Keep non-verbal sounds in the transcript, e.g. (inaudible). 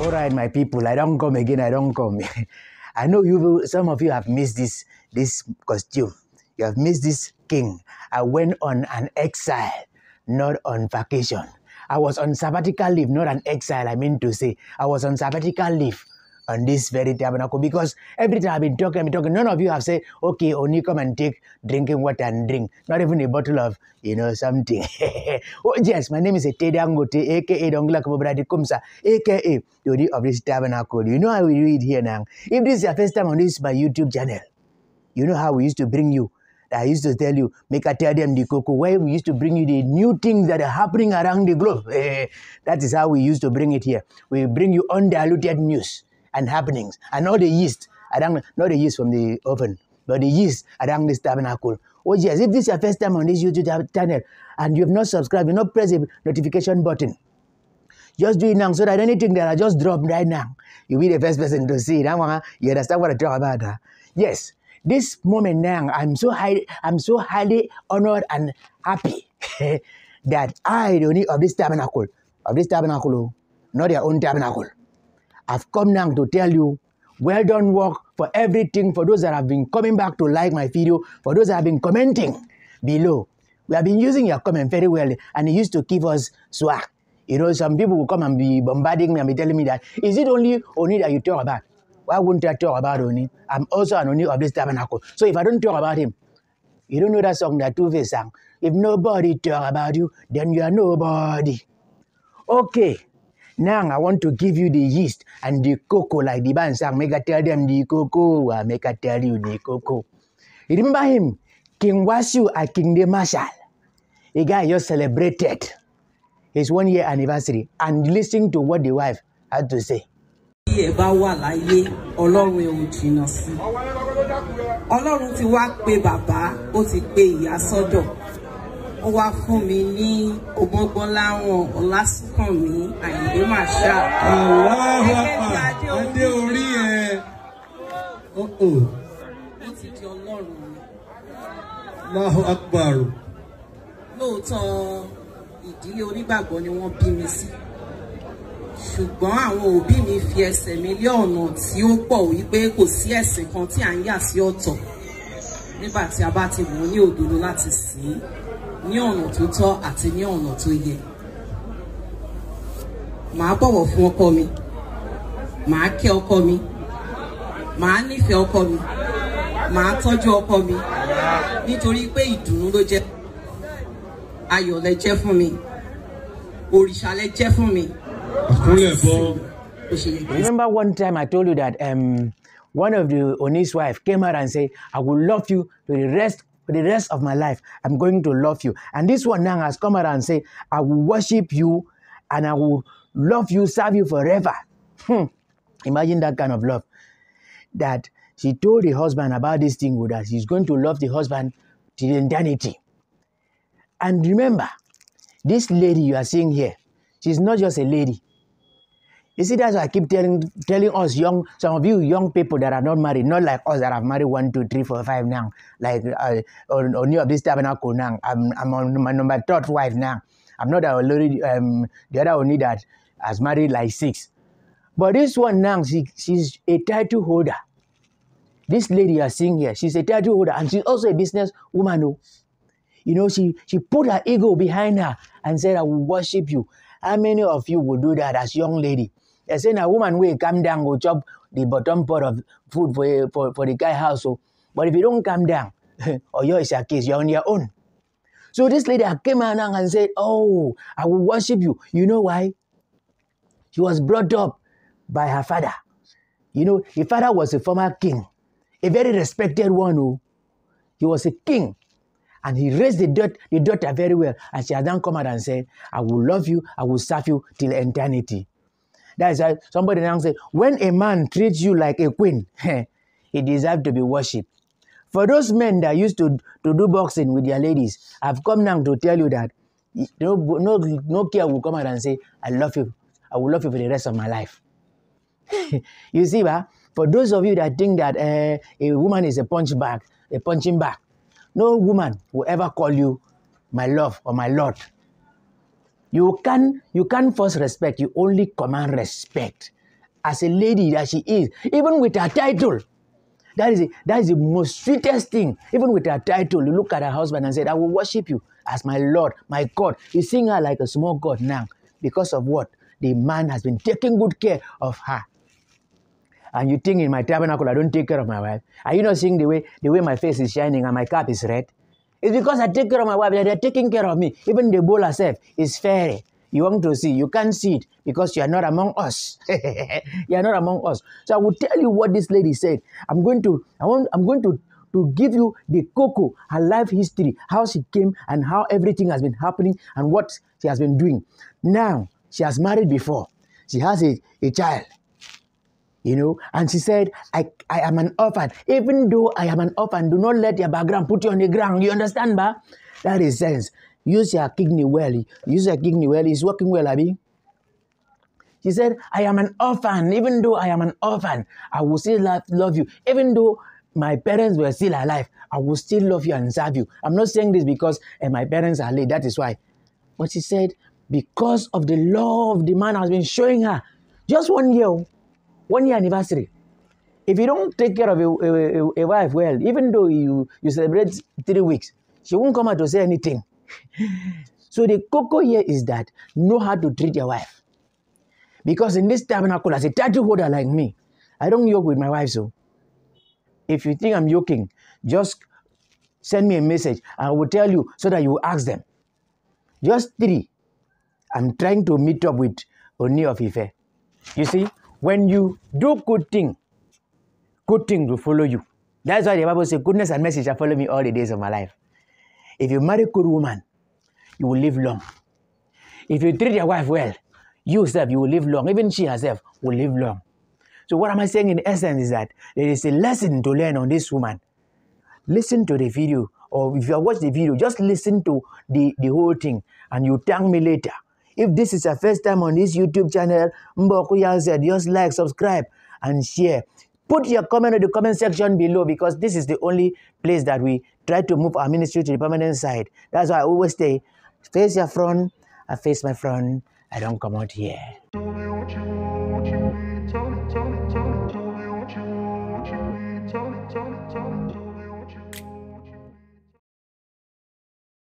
All right, my people, I don't come again, I don't come. (laughs) I know you, some of you have missed this, this costume. You have missed this king. I went on an exile, not on vacation. I was on sabbatical leave, not an exile, I mean to say. I was on sabbatical leave on this very tabernacle because every time I've been talking, I've been talking, none of you have said, okay, only come and take drinking water and drink, not even a bottle of, you know, something. (laughs) oh, yes, my name is Angote, aka Dongla Kubradi Kumsa, aka the only of this tabernacle. You know how we read here now. If this is your first time on this, my YouTube channel, you know how we used to bring you I used to tell you, make a tell them the cocoa, where we used to bring you the new things that are happening around the globe. (laughs) that is how we used to bring it here. We bring you undiluted news and happenings. And all the yeast, not the yeast from the oven, but the yeast around this tabernacle. Oh, yes, if this is your first time on this YouTube channel and you have not subscribed, you have not pressed the notification button, just do it now so that anything that I just dropped right now, you'll be the first person to see it. You understand what I talk about? Huh? Yes, this moment now, I'm so high, I'm so highly honored and happy (laughs) that I, the only of this tabernacle, of this tabernacle, oh, not their own tabernacle, I've come now to tell you, well done work for everything, for those that have been coming back to like my video, for those that have been commenting below. We have been using your comment very well, and it used to give us swag. You know, some people will come and be bombarding me and be telling me that, is it only Oni that you talk about? Why wouldn't I talk about Oni? I'm also an Oni of this tabernacle. So if I don't talk about him, you don't know that song that Two-Face sang. If nobody talk about you, then you are nobody. Okay. Now I want to give you the yeast and the cocoa, like the man sang. Make I tell them the cocoa, uh, make I tell you the cocoa. remember him? King Wasu and King De Marshall. A guy just celebrated his one year anniversary and listening to what the wife had to say. Ọlọ́run ti wá pe bàbá, ó ti pe ìyá sọ́dọ̀ ó wá fún mi ní ògbóngbón láwọn ọlásùnkànmí àyìnbó màṣá. aláwọ apá ẹdẹ orí ẹ. ó ti di ọlọ́run mi. Allahu Akbar. lóòótọ́ ìdílé onígbàgbọ́ ni wọ́n bí mi sí ṣùgbọ́n àwọn òbí mi fi ẹsẹ̀ mi lé ọ̀nà tí ó pọ̀ wípé kò sí ẹ̀sìn kan tí à ń yà sí ọ̀tọ̀ nígbà tí a bá ti mú ní òdodo láti sìn ín ní ọ̀nà tó tọ́ àti ní ọ̀nà tó yẹ màá bọ̀wọ̀ fún ọkọ mi màá kẹ́ ọkọ mi màá nífẹ̀ẹ́ ọkọ mi màá tọ́jú ọkọ mi nítorí pé ìdùnnú ló jẹ́ ayọ̀ lẹ jẹ́ fún mi òrìṣà lẹ jẹ́ fún mi. Remember one time I told you that um, one of the Oni's wife came out and said, I will love you to the rest for the rest of my life, I'm going to love you. And this one now has come around and say, I will worship you and I will love you, serve you forever. Hmm. Imagine that kind of love. That she told the husband about this thing with us. She's going to love the husband till eternity. And remember, this lady you are seeing here, she's not just a lady. You see, that's why I keep telling telling us young some of you young people that are not married, not like us that have married one, two, three, four, five now. Like uh, on, on of this tabernacle now. I'm I'm on my number third wife now. I'm not already um the other only that has married like six. But this one now, she, she's a title holder. This lady you're seeing here, she's a title holder and she's also a business woman. Who, oh. you know, she, she put her ego behind her and said, I will worship you. How many of you will do that as young lady? as saying a woman will come down go chop the bottom part of food for, for, for the guy household. Oh. But if you don't come down, (laughs) or you is a case, you're on your own. So this lady came out and said, Oh, I will worship you. You know why? She was brought up by her father. You know, her father was a former king, a very respected one. Who, oh. he was a king. And he raised the, daughter, the daughter very well. And she had then come out and said, I will love you, I will serve you till eternity. That's why somebody now said, when a man treats you like a queen, (laughs) he deserves to be worshipped. For those men that used to, to do boxing with their ladies, I've come now to tell you that no, no, no care will come out and say, I love you. I will love you for the rest of my life. (laughs) you see, bah? for those of you that think that uh, a woman is a punch bag, a punching bag, no woman will ever call you my love or my lord. You can you can force respect. You only command respect. As a lady that she is, even with her title, that is that is the most sweetest thing. Even with her title, you look at her husband and said, "I will worship you as my Lord, my God." You sing her like a small god now because of what the man has been taking good care of her. And you think in my tabernacle I don't take care of my wife? Are you not seeing the way the way my face is shining and my cap is red? It's because I take care of my wife that they're taking care of me. Even the bowl herself is fair. You want to see, you can't see it because you are not among us. (laughs) you are not among us. So I will tell you what this lady said. I'm going to, I want, I'm going to, to give you the cocoa, her life history, how she came and how everything has been happening and what she has been doing. Now, she has married before. She has a, a child you know and she said i i am an orphan even though i am an orphan do not let your background put you on the ground you understand ba that is sense use your kidney well use your kidney well it's working well abi she said i am an orphan even though i am an orphan i will still love, love you even though my parents were still alive i will still love you and serve you i'm not saying this because uh, my parents are late that is why but she said because of the love the man has been showing her just one year oh one year anniversary. If you don't take care of a, a, a wife well, even though you, you celebrate three weeks, she won't come out to say anything. (laughs) so the cocoa here is that know how to treat your wife. Because in this tabernacle, as a title holder like me, I don't yoke with my wife. So if you think I'm yoking, just send me a message. I will tell you so that you ask them. Just three. I'm trying to meet up with Oni of Ife. You see? When you do good thing, good thing will follow you. That's why the Bible says, goodness and mercy shall follow me all the days of my life. If you marry a good woman, you will live long. If you treat your wife well, you yourself, you will live long. Even she herself will live long. So what am I saying in essence is that there is a lesson to learn on this woman. Listen to the video, or if you watch the video, just listen to the, the whole thing and you thank me later. If this is your first time on this YouTube channel, Mboku Yangze, just like, subscribe, and share. Put your comment in the comment section below because this is the only place that we try to move our ministry to the permanent side. That's why I always say, face your front, I face my front, I don't come out here.